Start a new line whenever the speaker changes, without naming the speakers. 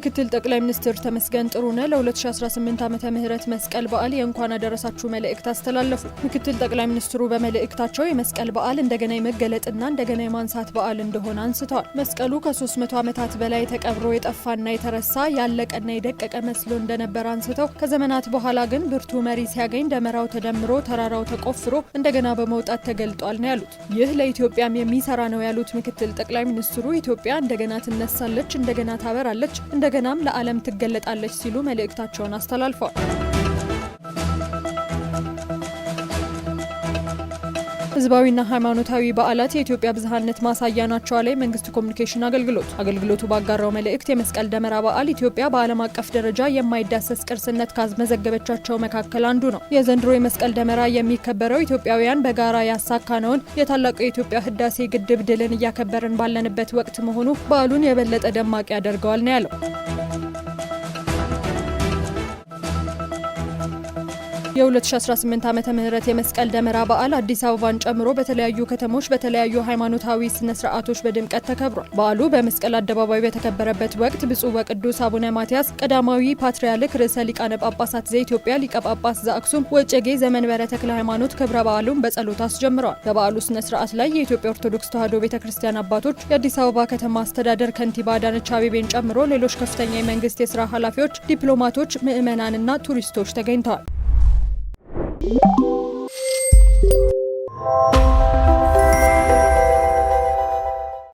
ምክትል ጠቅላይ ሚኒስትር ተመስገን ጥሩነህ ለ2018 ዓመተ ምህረት መስቀል በዓል የእንኳን አደረሳችሁ መልእክት አስተላለፉ። ምክትል ጠቅላይ ሚኒስትሩ በመልእክታቸው የመስቀል በዓል እንደገና የመገለጥና እንደገና የማንሳት በዓል እንደሆነ አንስተዋል። መስቀሉ ከ300 ዓመታት በላይ ተቀብሮ የጠፋና የተረሳ ያለቀና የደቀቀ መስሎ እንደነበር አንስተው ከዘመናት በኋላ ግን ብርቱ መሪ ሲያገኝ ደመራው ተደምሮ ተራራው ተቆፍሮ እንደገና በመውጣት ተገልጧል ነው ያሉት። ይህ ለኢትዮጵያም የሚሰራ ነው ያሉት ምክትል ጠቅላይ ሚኒስትሩ ኢትዮጵያ እንደገና ትነሳለች፣ እንደገና ታበራለች፣ እንደ እንደገናም ለዓለም ትገለጣለች ሲሉ መልእክታቸውን አስተላልፈዋል። ህዝባዊና ሃይማኖታዊ በዓላት የኢትዮጵያ ብዝሃነት ማሳያ ናቸው አለ የመንግስት ኮሚኒኬሽን አገልግሎት። አገልግሎቱ ባጋራው መልእክት የመስቀል ደመራ በዓል ኢትዮጵያ በዓለም አቀፍ ደረጃ የማይዳሰስ ቅርስነት ካስመዘገበቻቸው መካከል አንዱ ነው። የዘንድሮ የመስቀል ደመራ የሚከበረው ኢትዮጵያውያን በጋራ ያሳካነውን የታላቁ የኢትዮጵያ ህዳሴ ግድብ ድልን እያከበርን ባለንበት ወቅት መሆኑ በዓሉን የበለጠ ደማቅ ያደርገዋል ነው ያለው። የ2018 ዓመተ ምህረት የመስቀል ደመራ በዓል አዲስ አበባን ጨምሮ በተለያዩ ከተሞች በተለያዩ ሃይማኖታዊ ስነ ስርዓቶች በድምቀት ተከብሯል። በዓሉ በመስቀል አደባባይ በተከበረበት ወቅት ብፁዕ ወቅዱስ አቡነ ማትያስ ቀዳማዊ ፓትርያርክ ርዕሰ ሊቃነ ጳጳሳት ዘኢትዮጵያ ሊቀ ጳጳስ ዘአክሱም ወዕጨጌ ዘመንበረ ተክለ ሃይማኖት ክብረ በዓሉን በጸሎት አስጀምረዋል። በበዓሉ ስነ ስርዓት ላይ የኢትዮጵያ ኦርቶዶክስ ተዋሕዶ ቤተ ክርስቲያን አባቶች፣ የአዲስ አበባ ከተማ አስተዳደር ከንቲባ አዳነች አቤቤን ጨምሮ ሌሎች ከፍተኛ የመንግስት የስራ ኃላፊዎች፣ ዲፕሎማቶች፣ ምዕመናንና ቱሪስቶች ተገኝተዋል። Bye.